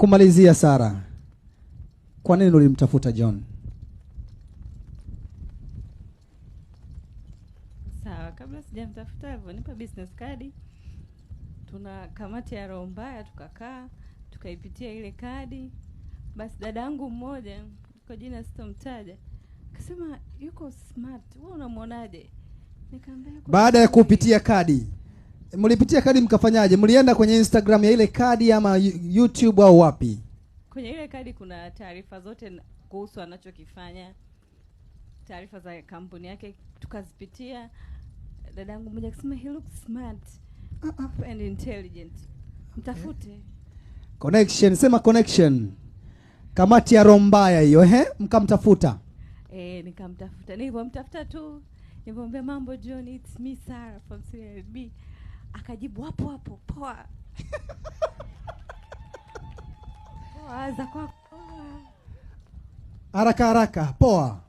Kumalizia Sara, kwa nini ulimtafuta John? Sawa, kabla sijamtafuta alivyonipa business kadi, tuna kamati ya roho mbaya, tukakaa tukaipitia ile kadi. Basi dada yangu mmoja kwa jina sitomtaja akasema, yuko smart, wewe unamwonaje? Nikamwambia baada ya kupitia kadi mlipitia kadi mkafanyaje? Mlienda kwenye Instagram ya ile kadi ama YouTube au wapi? Kwenye ile kadi kuna taarifa zote kuhusu anachokifanya, taarifa za kampuni yake tukazipitia. Dadangu mmoja akisema he looks smart uh -uh. and intelligent, mtafute okay. Connection, sema connection. Kamati ya rombaya hiyo, ehe, mkamtafuta eh? Nikamtafuta, nilivyomtafuta tu nilivyomwambia mambo John, it's me Sarah from CLB Akajibu hapo hapo, poa poa za kwako, haraka haraka, poa